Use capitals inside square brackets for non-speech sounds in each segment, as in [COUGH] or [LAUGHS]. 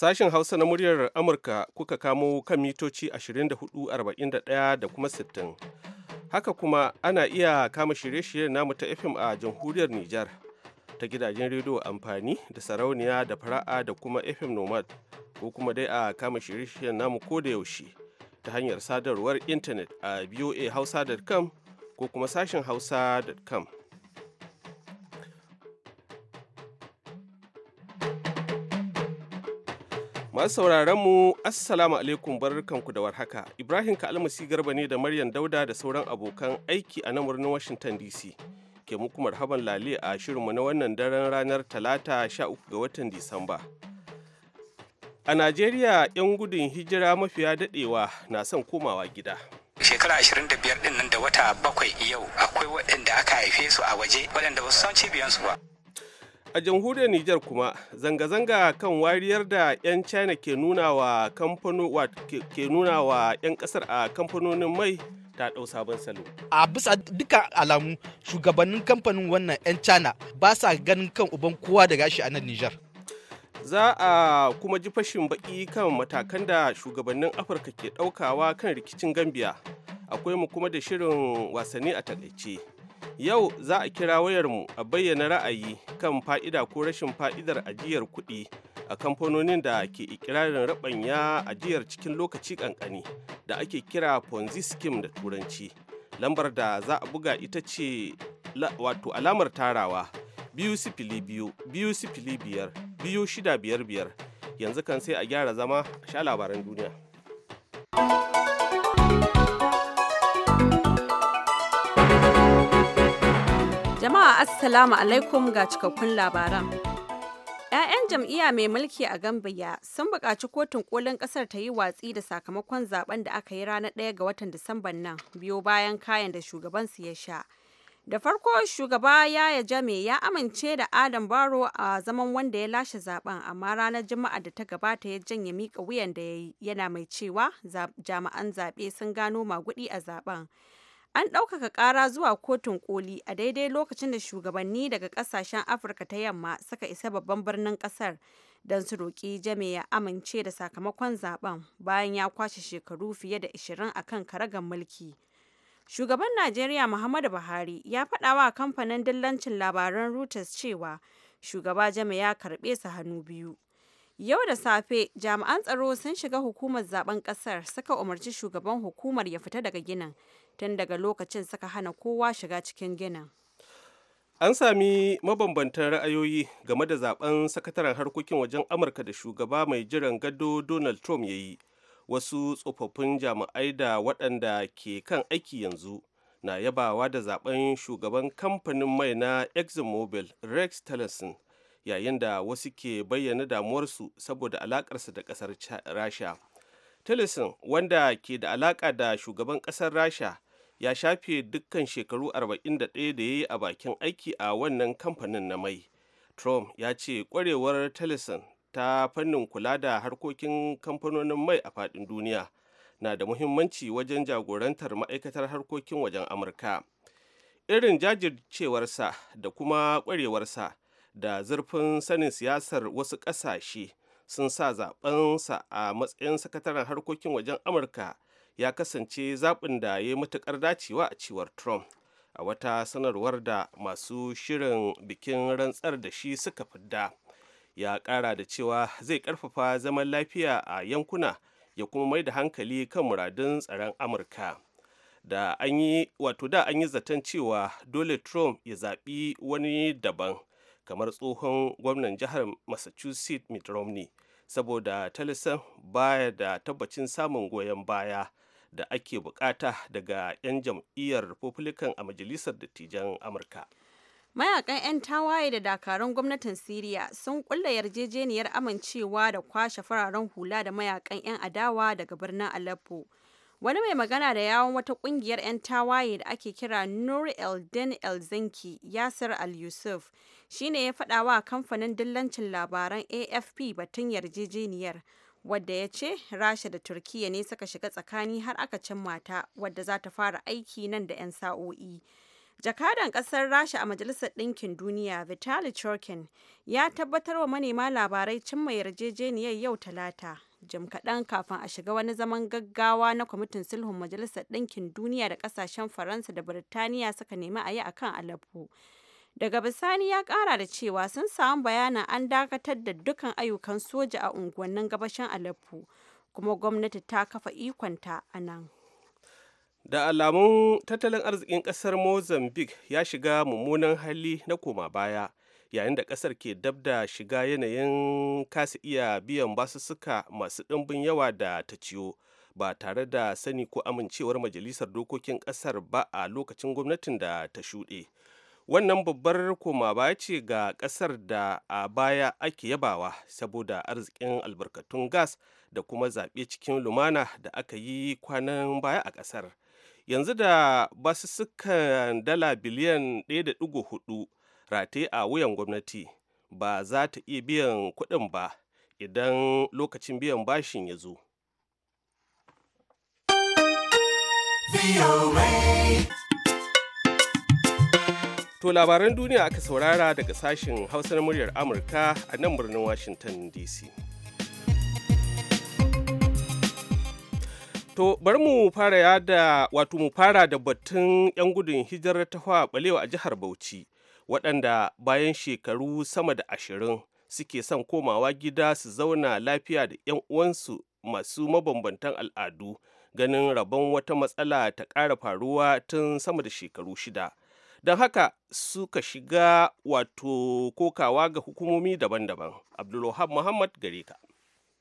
Sashen Hausa na muryar Amurka kuka kamo kan mitoci 24,41 da kuma 60. Haka kuma ana iya kama shirye-shiryen namu ta FM a jamhuriyar Nijar ta gidajen rediyo amfani da sarauniya da fara'a da kuma FM Nomad ko kuma dai a kama shirye-shiryen namu ko da yaushe ta hanyar sadarwar intanet a voahausa.com ko kuma sashen hausa.com. Masu sauraron mu Assalamu alaikum barkanku da warhaka. Ibrahim Kalmasi Garba ne da Maryam Dauda da sauran abokan aiki a nan birnin Washington DC. Ke muku marhaban lale a shirinmu na wannan daren ranar Talata 13 ga watan Disamba. A Najeriya 'yan gudun hijira mafiya daɗewa na son komawa gida. shekara 25 biyar nan da wata bakwai yau akwai waɗanda aka haife su a waje waɗanda ba su san su ba. a jamhuriyar Nijar kuma zanga-zanga kan wariyar da 'yan China ke nuna wa 'yan kasar a kamfanonin mai ta ɗau sabon salo. A bisa duka alamu shugabannin kamfanin wannan 'yan China ba sa ganin kan uban kowa da gashi a nan Nijar. Za a kuma ji fashin baki kan matakan da shugabannin Afirka ke ɗaukawa kan rikicin Gambiya. Akwai mu kuma da shirin wasanni a takaice. Yau za a kira wayarmu a bayyana ra'ayi kan fa'ida ko rashin fa'idar ajiyar kuɗi a kamfanonin da ke ikirarin rabanya ajiyar cikin lokaci kankani da ake kira Ponzi scheme da turanci. Lambar da za a buga ita ce wato alamar tarawa biyu sifili biyu biyu sifili biyar biyu shida biyar biyar yanzu kan sai a gyara zama a sha labaran duniya. Jama'a Assalamu alaikum ga cikakkun labaran. 'Ya'yan jam'iyya mai mulki a Gambiya sun buƙaci kotun kolin ƙasar ta yi watsi da sakamakon zaben da aka yi ranar ɗaya ga watan Disamban nan biyo bayan kayan da shugabansu ya sha. Da farko shugaba ya Yaya Jame ya amince da Adam Baro a zaman wanda ya lashe zaben amma ranar Juma'a da ta gabata ya janye mika wuyan da yana mai cewa jami'an zaɓe sun gano maguɗi a zaben. An ɗaukaka ƙara zuwa kotun koli a daidai lokacin da shugabanni daga ƙasashen Afirka ta yamma suka isa babban birnin ƙasar don su roƙi Jame ya amince da sakamakon zaben bayan ya kwashe shekaru fiye da 20 a kan karagar mulki. Shugaban Najeriya Muhammadu Buhari ya faɗa wa kamfanin dillancin labaran Reuters cewa shugaba Jame ya karɓe su hannu biyu. Yau da safe, jami'an tsaro sun shiga hukumar zaben ƙasar suka umarci shugaban hukumar ya fita daga ginin tun daga lokacin suka hana kowa shiga cikin ginin an sami mabambantan ra'ayoyi game da zaben sakataren harkokin wajen amurka da shugaba mai jiran gado donald trump ya yi wasu tsofaffin jami'ai da waɗanda ke kan aiki yanzu na yabawa da zaben shugaban kamfanin mai na exxonmobil rex tillerson yayin da wasu ke bayyana damuwarsu saboda alakarsa da ƙasar rasha tillerson wanda ke da alaƙa da shugaban ƙasar rasha ya shafe dukkan shekaru 41 da ya yi a bakin aiki a wannan kamfanin na mai trump ya ce kwarewar tellison ta fannin kula da harkokin kamfanonin mai a faɗin duniya na da muhimmanci wajen jagorantar ma'aikatar harkokin wajen amurka irin jajircewarsa da kuma kwarewarsa da zurfin sanin siyasar wasu ƙasashe sun sa zaɓensa a matsayin sakataren harkokin wajen amurka ya kasance zaɓin da ya yi matuƙar dacewa a cewar trump a wata sanarwar da masu shirin bikin rantsar da shi suka fidda ya ƙara da cewa zai ƙarfafa zaman lafiya a yankuna ya kuma mai da hankali kan muradun tsaron amurka da an yi wato da an yi zaton cewa dole trump ya zaɓi wani daban kamar tsohon gwamnan jihar massachusetts mitt romney saboda talisan baya da tabbacin samun goyon baya da ake bukata daga 'yan jam'iyyar republican a majalisar dattijan amurka mayakan 'yan tawaye da dakarun gwamnatin siriya sun kulla yarjejeniyar amincewa da kwashe fararen hula da mayakan 'yan adawa daga birnin aleppo wani mai magana da yawon wata kungiyar 'yan tawaye da ake kira nur eldin elzinki yasir al-yusuf shine ya faɗa wa kamfanin dillancin labaran afp batun yarjejeniyar wadda ya ce rasha da turkiya ne suka shiga tsakani har aka cin ta wadda za ta fara aiki nan da 'yan sa'o'i jakadan kasar rasha a majalisar ɗinkin duniya vitali churkin ya tabbatar wa manema labarai cimma yarjejeniyar yau talata jim kaɗan kafin a shiga wani zaman gaggawa na kwamitin sulhun majalisar ɗinkin duniya da ƙasashen faransa da birtaniya suka nemi a yi a kan aleppo Daga bisani ya kara da cewa sun samu bayanin an dakatar da dukkan ayyukan soja a unguwannin gabashin Aleppo, kuma gwamnati ta kafa ikonta a nan. Da alamun tattalin arzikin kasar Mozambique ya shiga mummunan hali na koma baya, yayin da kasar ke dab da shiga yanayin kasa iya biyan basussuka masu ɗimbin yawa da ta ciwo ba tare da sani ko amincewar majalisar dokokin kasar ba a lokacin gwamnatin da ta shuɗe wannan babbar koma baya ce ga ƙasar da a baya ake yabawa saboda arzikin albarkatun gas da kuma zaɓe cikin lumana da aka yi kwanan baya a ƙasar yanzu da basussukan dala biliyan 1.4 rataye a wuyan gwamnati ba za ta iya biyan kuɗin ba idan lokacin biyan bashin ya zo. To labaran duniya aka saurara daga sashen Hausa na muryar Amurka a nan birnin Washington DC. To bari mu fara yada wato mu fara da batun 'yan gudun hijirar ta balewa a jihar Bauchi waɗanda bayan shekaru sama da ashirin suke son komawa gida su zauna lafiya da 'yan uwansu masu mabambantan al'adu ganin rabon wata matsala ta ƙara faruwa tun sama da shekaru shida. don haka suka shiga wato kokawa ga hukumomi daban-daban abdulwahab muhammad gareka.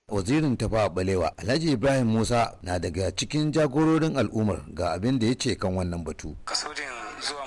ka wazirin tafa balewa alhaji ibrahim musa na daga cikin jagororin al'ummar ga abin da ya ce kan wannan batu kasudin zuwa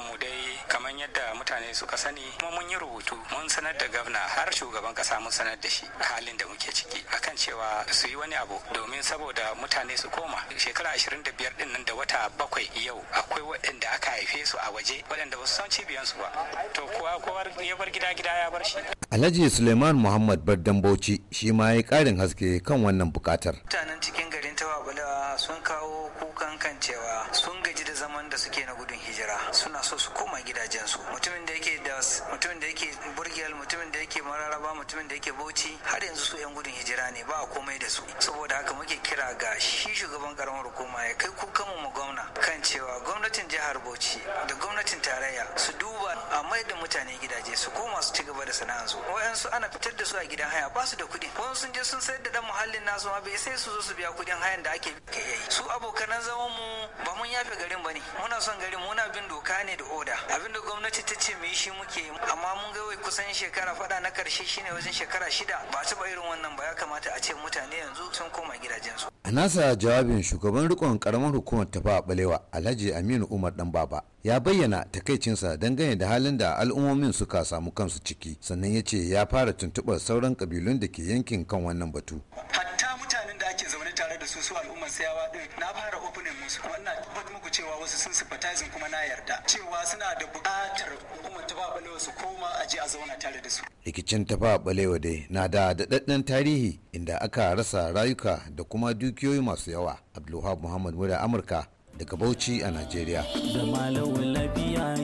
yadda mutane suka sani kuma mun yi rubutu mun sanar da gwamna har shugaban kasa mun sanar da shi a halin da muke ciki akan cewa su yi wani abu domin saboda mutane su koma shekara da din nan da wata bakwai yau akwai waɗanda aka haife su a waje waɗanda ba su san su ba to kuwa kowa ya bar gida gida ya bar shi Alhaji Suleiman Muhammad Bardan Bauchi shi ma ya ƙarin haske kan wannan bukatar. Mutanen cikin garin Tawabalewa sun kawo kukan kan cewa sun gaji da zaman da suke na gudun hijira suna so su koma gidajensu mutumin da yake das mutumin da yake burgiyal mutumin da yake mararaba mutumin da yake bauchi har yanzu su yan gudun hijira ne ba komai da su saboda haka muke kira ga shi shugaban karamar hukuma ya kai kukan mu gwamna kan cewa gwamnatin jihar bauchi da gwamnatin tarayya su duba mai da mutane gidaje su koma su ci gaba da sana'ansu wayansu ana fitar da su a gidan haya ba su da kuɗi wasu sun je sun sayar da dan muhallin nasu ma bai sai su zo su biya kuɗin hayan da ake kai yayi su abokanan zaman mu ba mun yafe garin bane muna son garin muna bin doka ne da oda Abin da gwamnati ta ce mu yi shi muke amma mun ga wai kusan shekara fada na karshe shine wajen shekara shida ba ba irin wannan ba ya kamata a ce mutane yanzu sun koma gidajensu a nasa jawabin shugaban rikon karamar hukumar tafa balewa alhaji aminu umar dan baba ya bayyana takaicinsa dangane da halin da al'ummomin suka samu kansu ciki sannan ya ce ya fara tuntuɓar sauran ƙabilun da ke yankin kan wannan batu hatta mutanen da ake zaune tare da su su al'ummar sayawa din na fara opening musu wannan tabbat muku cewa wasu sun sympathizing kuma na yarda cewa suna da buƙatar hukumar ta balewa su koma a je a zauna tare da su rikicin ta balewa dai na da daɗaɗɗen tarihi inda aka rasa rayuka da kuma dukiyoyi masu yawa abdulwahab muhammad mura amurka daga Bauchi a Najeriya. Zama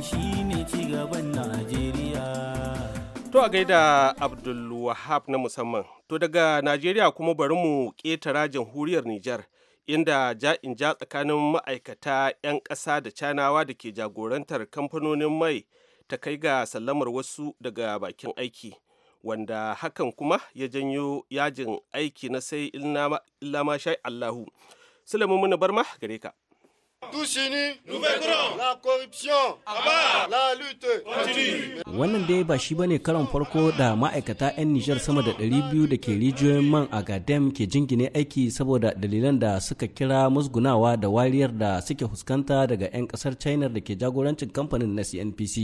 shine cigaban Najeriya. To a gaida Abdulwahab na musamman. To daga Najeriya kuma bari mu ƙetara jamhuriyar Nijar inda ja'in ja tsakanin ma'aikata 'yan ƙasa da canawa da ke jagorantar kamfanonin mai ta kai ga sallamar wasu daga bakin aiki. Wanda hakan kuma ya janyo yajin aiki na sai illama shai Allahu. Sulaimu Muna Barma gare ka. Tous unis, nous la corruption. la lutte continue. Wannan dai ba shi bane karon farko da ma'aikata 'yan Nijar sama da 200 da ke rijiyoyin man a Gadem ke jingine aiki saboda dalilan da suka kira musgunawa da wariyar da suke huskanta daga 'yan kasar China da ke jagorancin kamfanin na CNPC.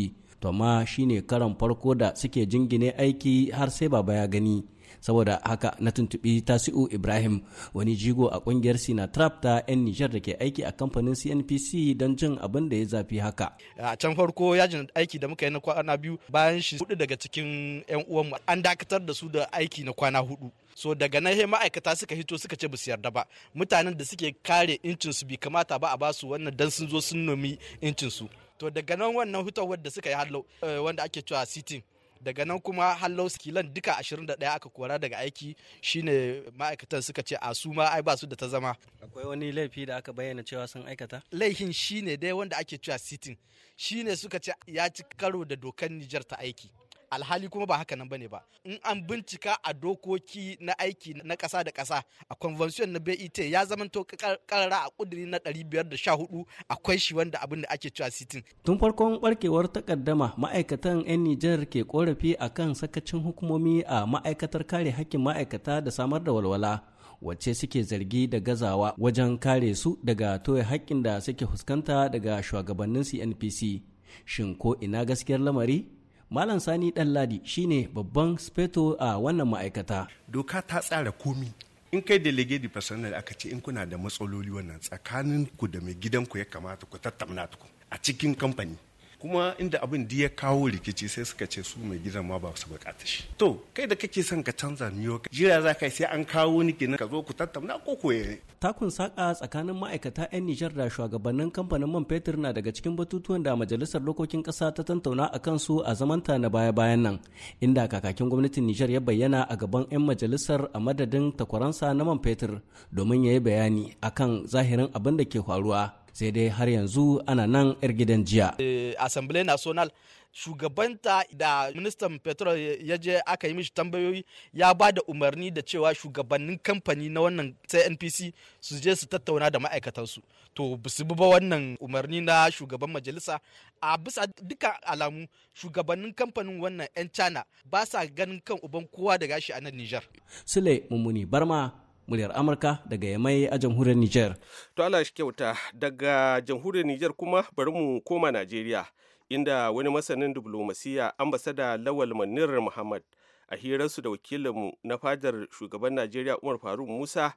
To shi ne karon farko da suke jingine aiki har sai baba ya gani. saboda haka na tuntubi tasi'u ibrahim wani jigo a kungiyar sinatrap ta 'yan nijar da ke aiki a kamfanin cnpc don jin abin da ya zafi haka a can farko yajin aiki da muka yi na kwana biyu bayan shi hudu daga cikin 'yan uwanmu an dakatar da su da aiki na kwana hudu so daga nan he ma'aikata suka hito suka ce basu yarda ba mutanen da suke kare incin su bi kamata ba a basu wannan dan sun zo sun nomi incin su to daga nan wannan hutawar da suka yi hallo eh, wanda ake cewa sitin daga nan kuma hallo skilan duka 21 aka kora daga aiki shine ma'aikatan suka ce a su ma ai ba su da ta zama akwai wani laifi da aka bayyana cewa sun aikata laifin shine dai wanda ake cewa sitin shine suka ce ya ci karo da dokan Nijar ta aiki alhali kuma ba haka nan bane ba in an bincika a dokoki na aiki na ƙasa da kasa a convention na BET ya zama zamanto karara a kudiri na 514 akwai shi wanda abin da ake cewa sitin tun farkon barkewar takaddama ma'aikatan 'yan Nijar ke korafi akan sakacin hukumomi a ma'aikatar kare hakkin ma'aikata da samar da walwala wacce suke zargi da gazawa wajen kare su daga toye hakkin da suke fuskanta daga shugabannin CNPC shin ko ina gaskiyar lamari Malam Sani Ɗanladi shine babban speto a wannan ma'aikata. Doka ta tsara komi. In kai delege di personnel aka ce in kuna da matsaloli wannan tsakanin ku da mai gidan ku ya kamata ku tattauna ku a cikin kamfani. kuma inda abin da ya kawo rikici sai suka ce su mai gidan ma ba su bukata shi to kai da kake son ka canza miyo jira za ka sai an kawo ni kenan ka zo ku tattauna ko koye takun saka tsakanin ma'aikata 'yan Nijar da shugabannin kamfanin man fetur na daga cikin batutuwan da majalisar dokokin kasa ta tantauna a su a zamanta na baya-bayan nan inda kakakin gwamnatin Nijar ya bayyana a gaban 'yan majalisar a madadin takwaransa na man fetur domin ya yi bayani akan zahirin abin da ke faruwa sai dai har yanzu ana nan 'yar gidan jiya. Eh, Assembly National shugabanta da ministan petrol ya je aka yi mishi tambayoyi ya ba da umarni da cewa shugabannin kamfani na wannan cnpc su je su tattauna da ma'aikatansu to su bi ba wannan umarni na shugaban majalisa a bisa duka alamu shugabannin kamfanin wannan 'yan china ba sa ganin kan uban kowa da gashi a nan nijar sule mummuni barma muryar Amurka daga Yamai a jamhuriyar Nijar. To Allah shi kyauta daga jamhuriyar Nijar kuma bari mu koma Najeriya inda wani masanin diplomasiya ambasada Lawal Manir Muhammad a hirarsu da wakilinmu na fadar shugaban Najeriya Umar Faruk Musa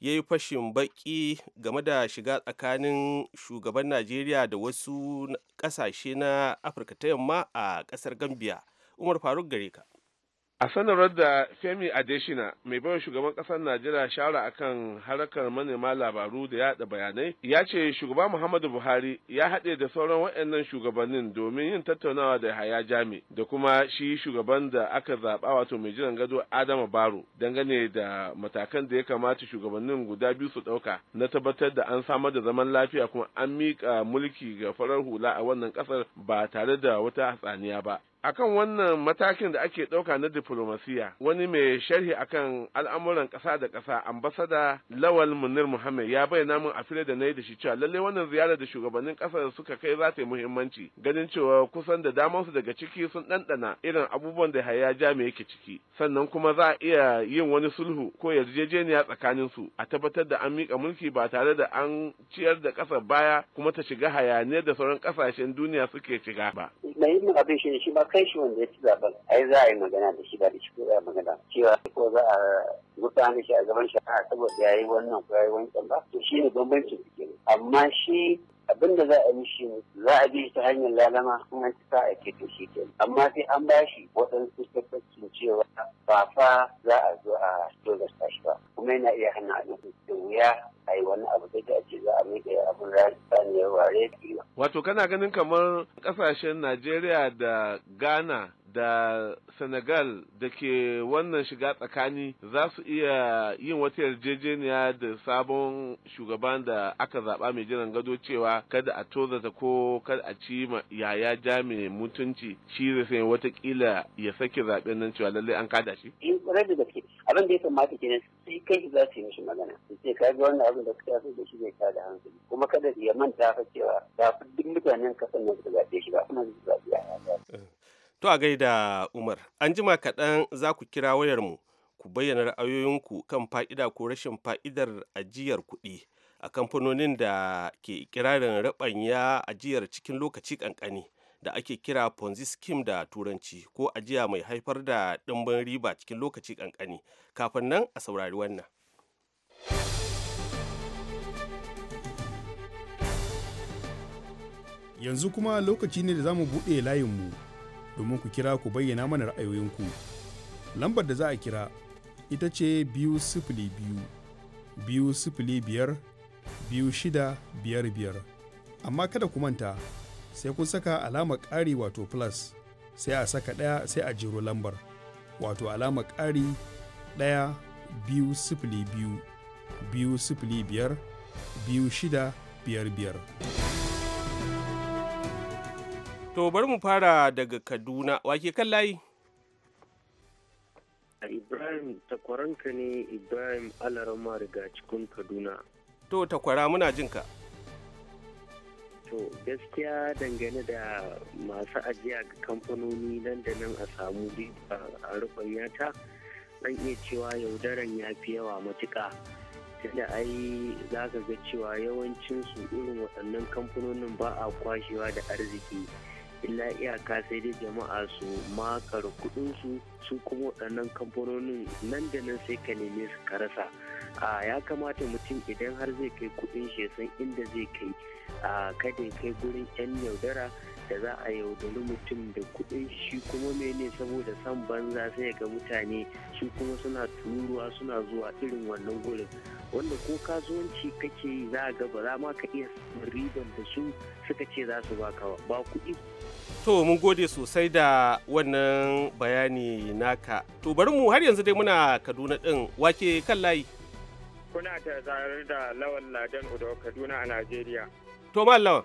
ya yi fashin baki game da shiga tsakanin shugaban Najeriya da wasu kasashe na Afirka ta yamma a kasar Gambia. Umar Faruk gareka. a sanarwar da femi adeshina mai baiwa shugaban kasar najeriya shawara akan harkar manema labaru da yada bayanai ya ce shugaba muhammadu buhari ya haɗe da sauran waɗannan shugabannin domin yin tattaunawa da haya jami da kuma shi shugaban da aka zaɓa wato mai jiran gado adama baro dangane da matakan da ya kamata shugabannin guda biyu su ɗauka na tabbatar da an samar da zaman lafiya kuma an miƙa mulki ga farar hula a wannan ƙasar ba tare da wata hatsaniya ba akan wannan matakin da ake ɗauka na diplomasiya wani mai sharhi akan al'amuran ƙasa da ƙasa ambasada lawal munir muhammad ya bayyana min a fili da na yi da shi cewa lalle wannan ziyara da shugabannin ƙasar suka kai za ta yi muhimmanci ganin cewa kusan da damansu daga ciki sun ɗanɗana irin abubuwan da haya mai yake ciki sannan kuma za a iya yin wani sulhu ko yarjejeniya tsakanin su a tabbatar da an miƙa mulki ba tare da an ciyar da ƙasar baya kuma ta shiga hayaniyar da sauran ƙasashen duniya suke shiga ba. abin shi ne kai shi wanda ya ci zaben ai za a yi magana da shi ba da shi ko za a magana cewa ko za a gudanar shi a gaban shari'a saboda ya yi wannan ko ya yi wancan ba to shi ne bambanci suke amma shi abin da za a yi shi za a bi shi ta hanyar lalama kuma an sa a ke shi ke amma sai an ba shi waɗansu tabbacin cewa ba fa za a zo a dole shi ba kuma yana iya hana a da wuya ai wani abu sai a ce za a miƙe abin saniyar ware kiwa. Wato kana ganin kamar ƙasashen Najeriya da Ghana da Senegal da ke wannan shiga tsakani za su iya yin wata yarjejeniya da sabon shugaban da aka zaɓa mai jiran gado cewa kada a tozata ko kada a ci ma yaya jami mutunci shi zai sai watakila ya sake zaɓen nan cewa lallai an kada shi? Eh, da ke abin da ya kamata kenan sai kai za su yi mishi magana su ce ka ga wannan abin da suka yi da shi zai da hankali kuma kada ya manta fa cewa fi duk mutanen kasan nan su zaɓe shi ba kuma su zaɓe a To a gaida Umar, an jima kaɗan za ku kira wayarmu ku bayyana ra'ayoyinku kan fa'ida ko rashin fa'idar ajiyar kuɗi a kamfanonin da ke ikirarin raɓanya ajiyar cikin lokaci ƙanƙani. da ake kira ponzi scheme da turanci ko ajiya mai haifar da ɗimbin riba cikin lokaci ƙanƙani kafin nan a saurari wannan yanzu kuma lokaci ne da zamu mu buɗe layinmu domin ku kira ku bayyana mana ra'ayoyinku lambar da za a kira ita ce biyu sifili biyu biyu sifili biyar biyu shida biyar amma kada ku manta sai kun saka alamar ƙari wato plus sai a saka ɗaya sai a jiro lambar wato alama ƙari ɗaya biyu sifili biyu biyu sifili biyar biyu shida biyar biyar. To bari mu fara daga Kaduna, wake kan layi? Ibrahim takwaranka ne Ibrahim Alarama daga cikin Kaduna. To takwara muna jinka. ka. To gaskiya dangane da masu ajiya ga kamfanoni nan da nan a samu a rubanya yata an iya cewa yaudaran ya fi yawa matuka tunda ai za ka ga cewa yawancin su irin waɗannan kamfanonin ba a kwashewa da arziki illa iyaka sai dai jama'a su makar kuɗinsu su kuma waɗannan kamfanonin nan da nan sai ka neme su ka rasa. a ya kamata mutum idan har zai kai kudin shi san inda zai kai a kada ya kai gurin yan yaudara da za a yaudari mutum da kudin shi kuma mene saboda san banza sai ga mutane shi kuma suna tururuwa suna zuwa irin wannan gurin wanda ko kasuwanci kake yi za ga ba za ma ka iya riban da su suka ce za su baka ba kuɗi To mun gode sosai da wannan bayani naka. To bari mu har yanzu dai muna Kaduna ɗin wake kan layi. kuna ta zarar da lawan ladan udo kaduna a najeriya to ma lawan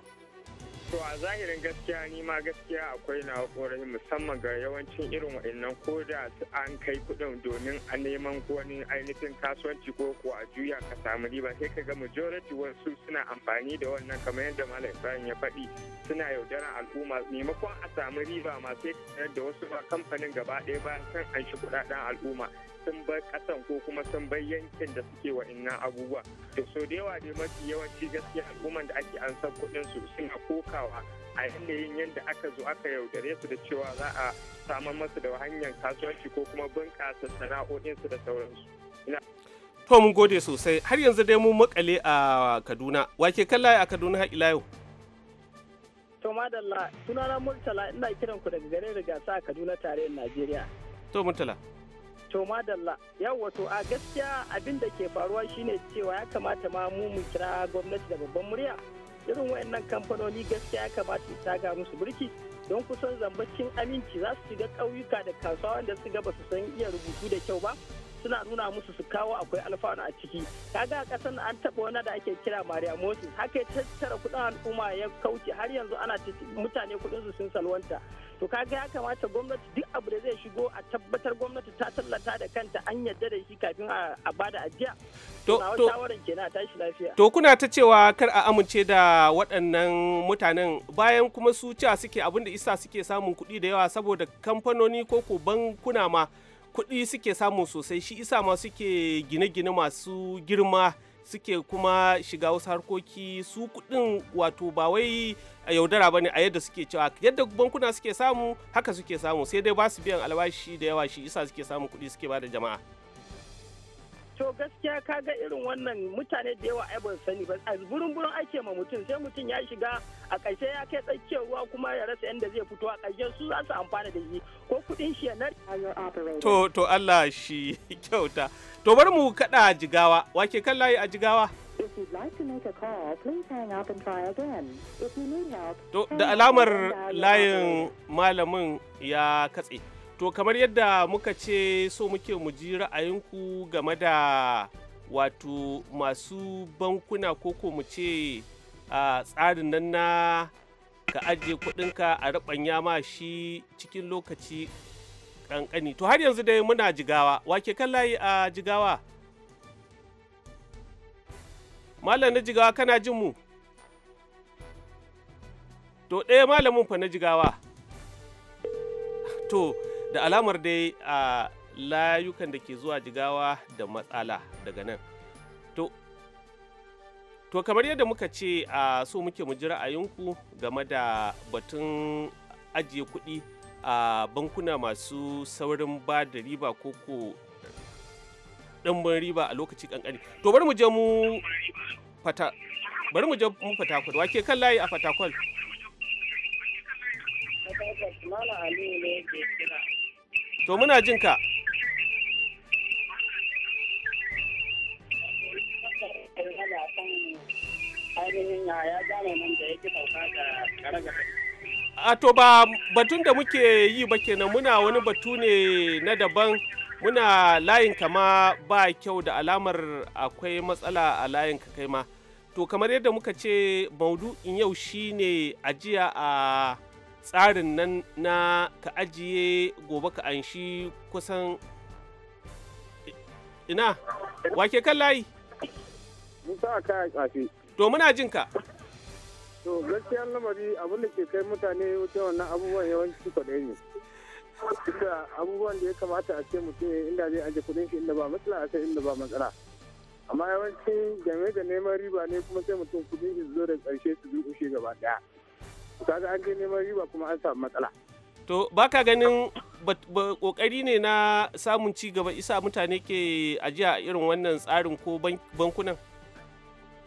to a zahirin gaskiya ni ma gaskiya akwai na korafi musamman ga yawancin irin wa'annan ko da an kai kudin domin a neman wani ainihin kasuwanci ko ko a juya ka samu riba sai ka ga majority wasu suna amfani da wannan kamar yadda malam ibrahim ya faɗi suna yaudaran al'umma maimakon a samu riba ma sai da wasu kamfanin gaba ɗaya bayan kan an shi kuɗaɗen al'umma sun bar kasan ko kuma sun bar yankin da suke wa inna abubuwa to so da yawa dai mafi yawanci gaskiya al'umman da ake an san kuɗin su suna kokawa a yanayin yadda aka zo aka yaudare su da cewa za a samar masu da hanyar kasuwanci ko kuma bunƙasa sana'o'insu da sauransu. To mun gode sosai har yanzu dai mun makale a Kaduna wake kalla a Kaduna har ila yau. To madalla sunana Murtala ina kiran ku daga garin Rigasa a Kaduna tarayyar Najeriya. To Murtala. to madalla yawa to a gaskiya abin da ke faruwa shine cewa ya kamata ma mu mu kira gwamnati da babban murya irin wayannan kamfanoni gaskiya ya kamata su ga musu birki don kusan zambacin aminci za su shiga kauyuka da kasuwa wanda su ba su san iya rubutu da kyau ba suna nuna musu su kawo akwai alfanu a ciki kaga a kasan an taba wani da ake kira maria moses haka ya tattara kudin al'umma ya kauce har yanzu ana mutane kudin su sun salwanta to kaga ya kamata gwamnati duk abu da zai shigo a tabbatar gwamnati ta tallata da kanta an yarda da shi kafin a bada ajiya to to kenan tashi lafiya to kuna ta cewa kar a amince da waɗannan mutanen bayan kuma su cewa suke abinda isa suke samun kuɗi da yawa saboda kamfanoni ko ko bankuna ma kuɗi suke samu sosai shi isa ma suke gine-gine masu girma suke kuma shiga wasu harkoki su kuɗin wato ba wai a yaudara bane a yadda suke cewa yadda bankuna suke samu haka suke samu sai dai ba su biyan albashi da yawa shi isa suke samu kuɗi suke ba da jama'a to gaskiya ka ga irin wannan mutane da yawa ai ban sani ba a burin burin ake ma mutum sai mutum ya shiga a ƙarshe ya kai tsakiyar ruwa kuma ya rasa yadda zai fito a ƙarshe su za su amfana da shi ko kuɗin shi ya to to Allah shi [LAUGHS] kyauta to bar mu kaɗa jigawa wake kan layi a jigawa To da alamar layin malamin ya katse. To kamar yadda muka ce so muke mu ji ra'ayinku game da wato masu bankuna ko ko mu ce a tsarin nan na ka ajiye kudinka a rabanya ma shi cikin lokaci kankani. To har yanzu dai muna jigawa. Wake kan layi a jigawa? malam na jigawa kana jin mu to ɗaya malamin fa na jigawa to da alamar dai a layukan da ke zuwa jigawa da matsala daga nan to kamar yadda muka ce a so muke mu ji ra'ayinku game da batun ajiye kuɗi a bankuna masu saurin ba da riba ko ɗanɓin riba a lokaci ƙanƙani to bari mu je mu fata bari mu je mu fatakwal wake kan layi a kwal to muna jin ka a to ba batun da muke yi ba kenan muna wani batu ne na daban muna layin kama ba kyau da alamar akwai matsala a layin ka kai ma to kamar yadda muka ce maudu'in yau shine ajiya a tsarin nan na ka ajiye gobe ka anshi kusan ina wake kan layi kaya to muna jin ka to gaskiyar lamari abin da ke kai mutane wuce wannan abubuwan yawanci kwaɗe ne inda abubuwan da ya kamata a ce mutum ya inda zai aje kudin shi inda ba matsala a inda ba matsala amma yawanci game da neman riba ne kuma sai mutum kudin shi zo da karshe su durkushe gaba daya kaga an je neman riba kuma an samu matsala to baka ganin kokari ne na samun ci gaba isa mutane ke ajiya a irin wannan tsarin ko bankunan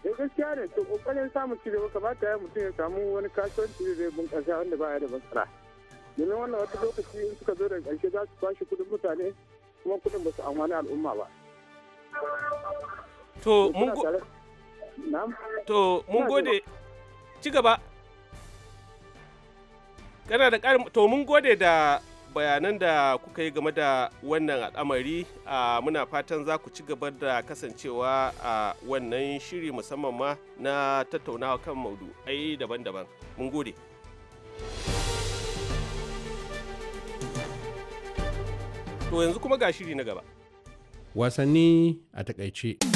da eh, gaskiya ne to kokarin samun ci gaba kamata ya mutum ya samu wani kasuwanci da zai bunkasa wanda baya da matsala domin wannan wata lokaci in suka zo da ƙarshe za su bashi kuɗin mutane kuma kuɗin ba su amfani al'umma ba. To mun To mun gode ci gaba. Kana da ƙarin to mun gode da bayanan da kuka yi game da wannan al'amari muna fatan za ku ci gaba da kasancewa a wannan shiri musamman ma na tattaunawa kan maudu'ai daban-daban mun gode. To yanzu kuma ga shiri na gaba. Wasanni a takaice.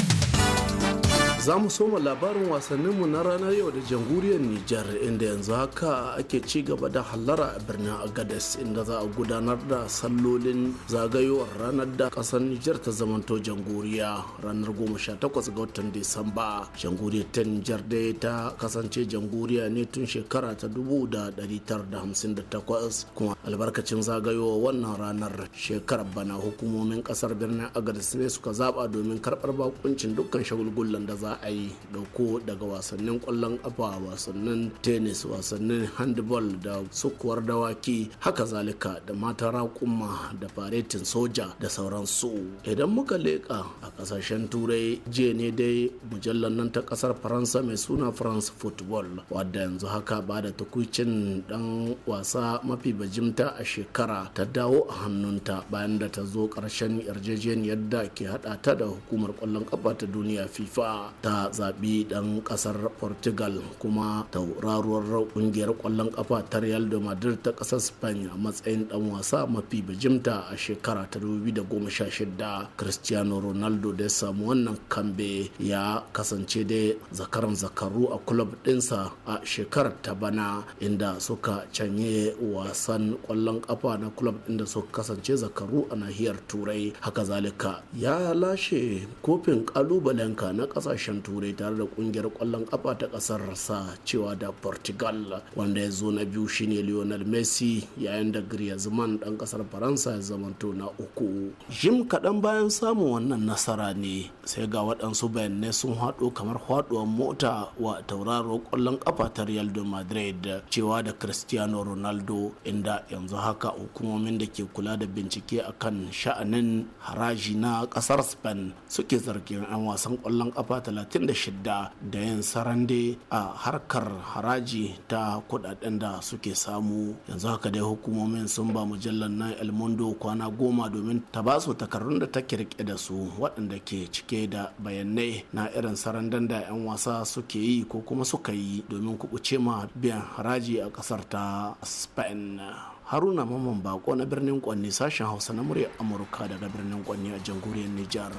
Za mu soma labarin wasanninmu na ranar yau da jamhuriyar Nijar inda yanzu haka ake ci gaba da hallara a birnin Agades inda za a gudanar da sallolin zagayowar ranar da kasar Nijar ta zamanto jamhuriya ranar 18 ga watan Disamba. Jamhuriyar ta Nijar dai ta kasance jamhuriya ne tun shekara ta 1958 kuma albarkacin zagayowar wannan ranar shekarar bana hukumomin kasar birnin Agades ne suka zaba domin karbar bakuncin dukkan shagulgullan da za za a yi dauko daga wasannin kwallon kafa wasannin tennis wasannin handball da sukuwar dawaki haka zalika da mata raƙuma da faretin soja da sauran su. idan muka leƙa a ƙasashen turai jiya ne dai mujallar nan ta ƙasar faransa mai suna france football wadda yanzu haka ba da tukucin dan wasa mafi bajimta a shekara ta dawo a hannunta bayan da ta zo ƙarshen yarjejeniyar da ke haɗa ta da hukumar ƙwallon ƙafa ta duniya fifa ta zaɓi ɗan ƙasar portugal kuma tauraruwar ƙungiyar ƙwallon ƙafa ta real de madrid ta ƙasar spain a matsayin ɗan wasa mafi bijimta a shekara ta 2016 cristiano ronaldo da ya samu wannan kambe ya kasance da zakaran zakaru a kulob ɗinsa a shekarar ta bana inda suka canye wasan ƙwallon ƙafa na kulob inda suka kasance zakaru a nahiyar turai haka zalika ya lashe kofin ƙalubalenka na ƙasashen kasashen turai tare da kungiyar kwallon kafa ta kasar sa cewa da portugal wanda ya zo na biyu shine lionel messi yayin da griezmann dan kasar faransa ya zamanto na uku jim kadan bayan samun wannan nasara ne sai ga waɗansu bayanai sun haɗo kamar haɗuwar mota wa tauraro kwallon kafa ta real de madrid cewa da cristiano ronaldo inda yanzu haka hukumomin da ke kula da bincike akan sha'anin haraji na kasar spain suke zargin 'yan wasan kwallon kafa 36 da yin sarande a harkar haraji ta kudaden da suke samu yanzu haka dai hukumomin sun ba mujallar na el mundo kwana goma domin ta ba su takardun da ta kirke da su waɗanda ke cike da bayanai na irin sarandan da 'yan wasa suke yi ko kuma suka yi domin kuɓuce ma biyan haraji a ƙasar ta spain haruna mamman bako na birnin kwanni sashen hausa na murya amurka daga birnin kwanni a jamhuriyar nijar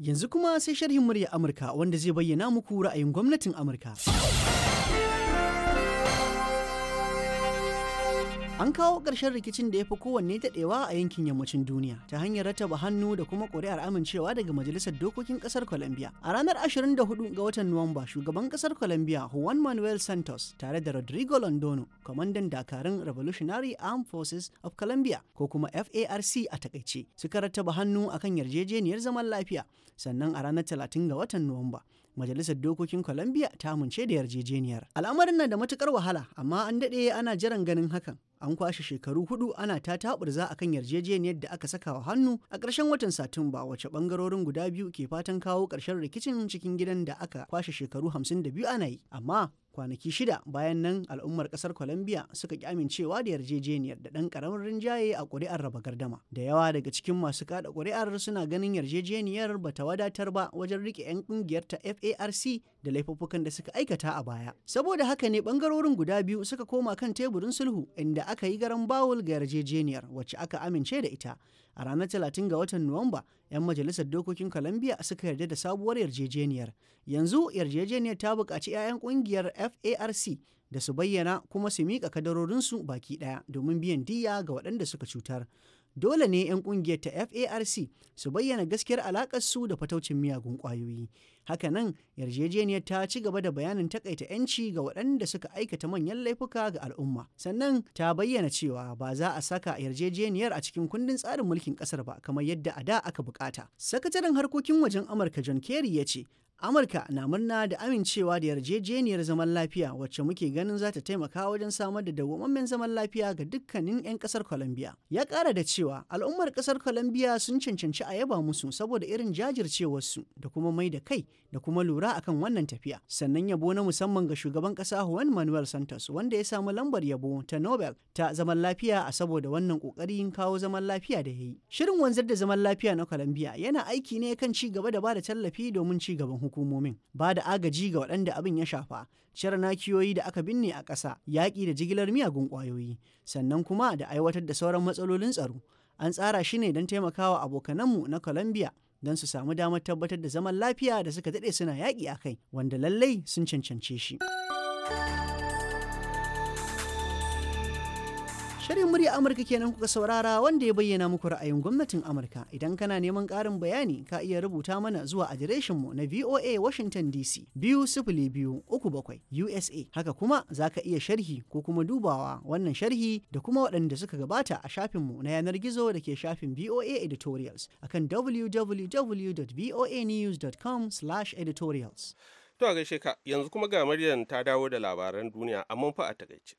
Yanzu kuma sai sharhin murya Amurka wanda zai bayyana muku ra'ayin gwamnatin Amurka. An kawo ƙarshen rikicin da ya fi kowanne daɗewa a yankin yammacin duniya ta hanyar rattaba hannu da kuma ƙuri'ar amincewa daga Majalisar Dokokin Ƙasar Colombia. A ranar 24 ga watan Nuwamba, shugaban ƙasar Colombia Juan Manuel Santos tare da Rodrigo Londono, kwamandan dakarun Revolutionary Armed Forces of Colombia ko kuma FARC a takaice, suka rattaba hannu akan yarjejeniyar zaman lafiya. Sannan a ranar 30 ga watan Nuwamba, Majalisar Dokokin Colombia ta amince da yarjejeniyar. Al'amarin na da matukar wahala, amma an daɗe ana jiran ganin hakan. an kwashe shekaru hudu ana ta a kan yarjejeniyar da aka saka wa hannu a ƙarshen watan satumba wacce bangarorin guda biyu ke fatan kawo ƙarshen rikicin cikin gidan da aka kwashe shekaru hamsin da biyu ana yi amma kwanaki shida bayan nan al'ummar kasar colombia suka ki amincewa da yarjejeniyar da ɗan ƙaramin rinjaye a ƙuri'ar raba gardama da yawa daga cikin masu kada ƙuri'ar suna ganin yarjejeniyar ba ta wadatar ba wajen rike 'yan ƙungiyar farc da laifuffukan da suka aikata a baya saboda haka ne ɓangarorin guda biyu suka koma kan teburin sulhu inda aka yi garan bawul ga yarjejeniyar wacce aka amince da ita a ranar talatin ga watan nuwamba 'yan majalisar dokokin columbia suka yarda da sabuwar yarjejeniyar yanzu yarjejeniyar ta buƙaci 'ya'yan ƙungiyar farc da su bayyana kuma su miƙa kadarorinsu baki ɗaya domin biyan diya ga waɗanda suka cutar dole ne 'yan kungiyar ta FARC su bayyana gaskiyar alakarsu da fataucin miyagun kwayoyi. Hakanan yarjejeniyar ta ci gaba da bayanin takaita 'yanci ga waɗanda suka aikata manyan laifuka ga al'umma. Sannan ta bayyana cewa ba za a saka yarjejeniyar a cikin kundin tsarin mulkin ƙasar ba kamar yadda a da aka bukata. Sakataren harkokin wajen Amurka John Kerry ya ce Amurka na murna da amincewa da yarjejeniyar zaman lafiya wacce muke ganin za ta taimaka wajen samar da dawwammamen zaman lafiya ga dukkanin 'yan kasar Colombia. Ya ƙara da cewa al'ummar kasar Colombia sun cancanci a yaba musu saboda irin jajircewarsu da kuma mai da kai da kuma lura akan wannan tafiya. Sannan yabo na musamman ga shugaban ƙasa Juan Manuel Santos wanda ya samu lambar yabo ta Nobel ta zaman lafiya a saboda wannan kokarin kawo zaman lafiya da ya Shirin wanzar da zaman lafiya na Colombia yana aiki ne kan ci gaba da bada tallafi domin ci gaban hukumomin, ba da agaji ga waɗanda abin ya shafa, cire nakiyoyi da aka binne a ƙasa, yaƙi da jigilar miyagun ƙwayoyi, sannan kuma da aiwatar da sauran matsalolin tsaro. An tsara shi ne don taimakawa abokananmu na Colombia don su samu damar tabbatar da zaman lafiya da suka daɗe suna yaƙi a kai wanda lallai sun cancance shi. Shirin murya Amurka kenan kuka saurara wanda ya bayyana muku ra'ayin gwamnatin Amurka. Idan kana neman karin bayani ka iya rubuta mana zuwa adireshinmu mu na VOA Washington DC biyu sifili biyu uku bakwai USA. Haka kuma za ka iya sharhi ko kuma dubawa wannan sharhi da kuma waɗanda suka gabata a shafinmu na yanar gizo da ke shafin VOA Editorials akan www.voanews.com/editorials. To a gaishe ka yanzu kuma ga Maryam ta dawo da labaran duniya amma fa a takaice.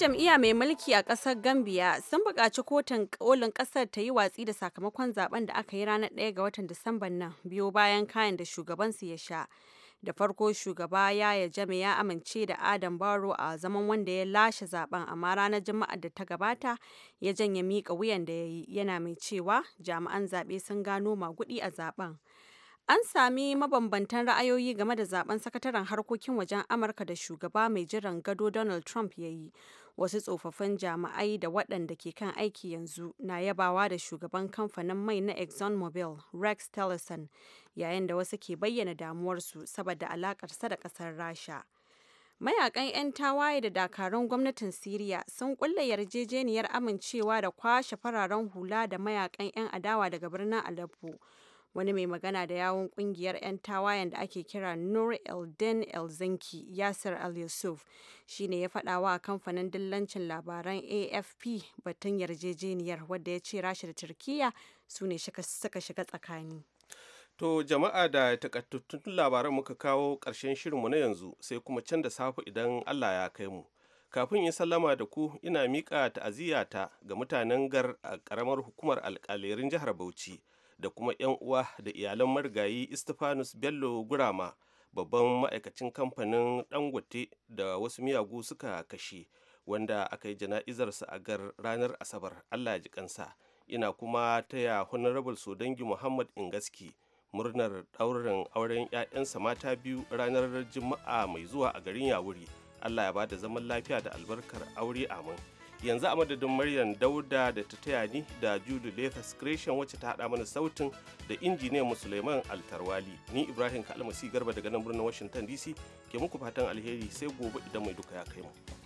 jam'iyya mai mulki a ƙasar Gambia sun buƙaci kotun kolin ƙasar ta yi watsi da sakamakon zaben da aka yi ranar 1 ga watan Disamban nan biyo bayan kayan da shugaban su ya sha. Da farko shugaba Yaya Jame ya amince da Adam baro a zaman wanda ya lashe zaben amma ranar juma'a da ta gabata ya janye miƙa wuyan da ya yi yana mai cewa jami'an zaɓe sun gano maguɗi a zaben. An sami mabambantan ra'ayoyi game da zaben sakataren harkokin wajen Amurka da shugaba mai jiran gado Donald Trump ya yi, wasu tsofaffin jami'ai da waɗanda ke kan aiki yanzu na yabawa da shugaban kamfanin mai na exxonmobil rex tillerson yayin da wasu ke bayyana damuwarsu saboda alakarsa da ƙasar rasha mayakan 'yan tawaye da dakarun gwamnatin siriya sun kulle yarjejeniyar amincewa da kwashe fararen hula da mayakan 'yan adawa daga birnin aleppo wani mai magana da yawon kungiyar 'yan tawayen da ake kira nur el elzinki yasir al-yusuf shine ya faɗa a kamfanin dillancin labaran afp batun yarjejeniyar wadda ya ce rasha da turkiya su ne suka shiga tsakani To jama'a da takaitattun labaran muka kawo ƙarshen shirinmu na yanzu sai kuma can da safe idan Allah ya kai mu. Kafin in sallama da ku ina miƙa ta'aziyata ga mutanen gar a ƙaramar hukumar alƙalerin jihar Bauchi da kuma 'yan uwa da iyalan marigayi Stefanus Bello Gurama babban ma'aikacin kamfanin Dangote da wasu miyagu suka kashe wanda aka yi jana'izarsa a gar ranar Asabar Allah ji kansa ina kuma taya Honorable dangi Muhammad Ingaski murnar daurin auren 'ya'yansa mata biyu ranar Juma'a mai zuwa a garin Yawuri. Allah ya ba da zaman lafiya da albarkar aure amin. yanzu a madadin maryam dauda da ta taya ni da judu lathas creation wacce ta hada mana sautin da injiniyan musulman altarwali ni ibrahim kalmasi garba daga nan birnin washington dc ke muku fatan alheri sai gobe idan mai duka ya kai mu.